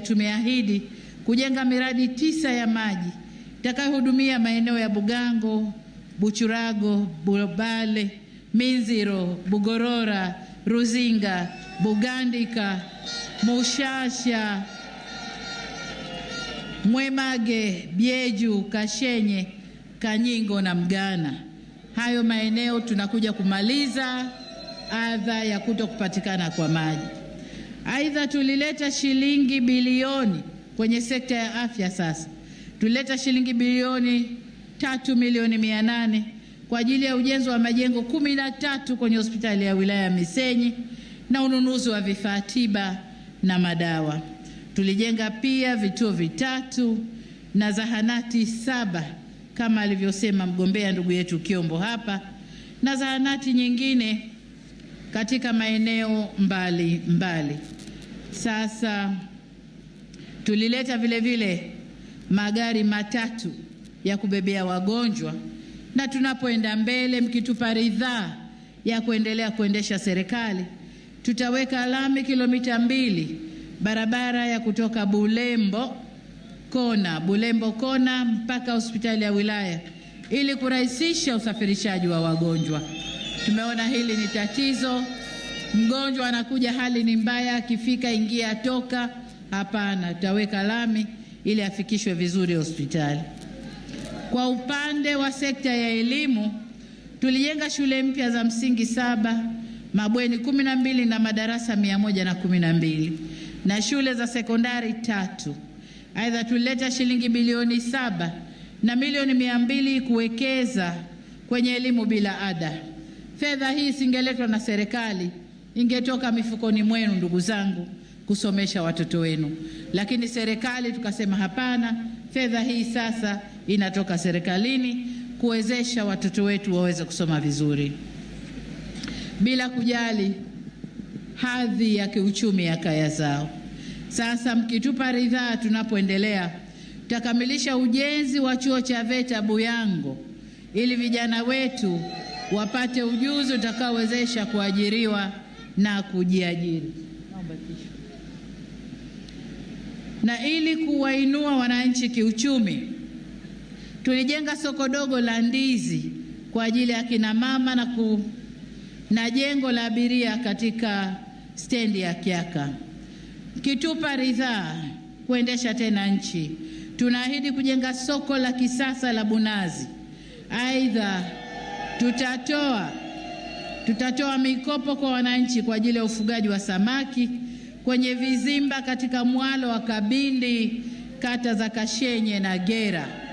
Tumeahidi kujenga miradi tisa ya maji itakayohudumia maeneo ya Bugango, Buchurago, Bulobale, Minziro, Bugorora, Ruzinga, Bugandika, Mushasha, Mwemage, Bieju, Kashenye, Kanyingo na Mgana. Hayo maeneo tunakuja kumaliza adha ya kuto kupatikana kwa maji. Aidha, tulileta shilingi bilioni kwenye sekta ya afya. Sasa tulileta shilingi bilioni tatu milioni mia nane kwa ajili ya ujenzi wa majengo kumi na tatu kwenye hospitali ya wilaya ya Misenyi na ununuzi wa vifaa tiba na madawa. Tulijenga pia vituo vitatu na zahanati saba kama alivyosema mgombea ndugu yetu Kiombo hapa na zahanati nyingine katika maeneo mbali mbali. Sasa tulileta vile vile magari matatu ya kubebea wagonjwa, na tunapoenda mbele, mkitupa ridhaa ya kuendelea kuendesha serikali, tutaweka lami kilomita mbili, barabara ya kutoka Bulembo kona Bulembo kona mpaka hospitali ya wilaya ili kurahisisha usafirishaji wa wagonjwa. Tumeona hili ni tatizo. Mgonjwa anakuja, hali ni mbaya, akifika ingia toka, hapana, tutaweka lami ili afikishwe vizuri hospitali. Kwa upande wa sekta ya elimu, tulijenga shule mpya za msingi saba, mabweni kumi na mbili na madarasa mia moja na kumi na mbili na shule za sekondari tatu. Aidha, tulileta shilingi bilioni saba na milioni mia mbili kuwekeza kwenye elimu bila ada. Fedha hii singeletwa na serikali, ingetoka mifukoni mwenu, ndugu zangu, kusomesha watoto wenu. Lakini serikali tukasema hapana, fedha hii sasa inatoka serikalini kuwezesha watoto wetu waweze kusoma vizuri bila kujali hadhi ya kiuchumi ya kaya zao. Sasa mkitupa ridhaa, tunapoendelea tutakamilisha ujenzi wa chuo cha VETA Buyango ili vijana wetu wapate ujuzi utakaowezesha kuajiriwa na kujiajiri. Na ili kuwainua wananchi kiuchumi, tulijenga soko dogo la ndizi kwa ajili ya kina mama na, ku, na jengo la abiria katika stendi ya Kiaka. Kitupa ridhaa kuendesha tena nchi, tunaahidi kujenga soko la kisasa la Bunazi. Aidha, Tutatoa tutatoa mikopo kwa wananchi kwa ajili ya ufugaji wa samaki kwenye vizimba katika mwalo wa Kabindi, kata za Kashenye na Gera.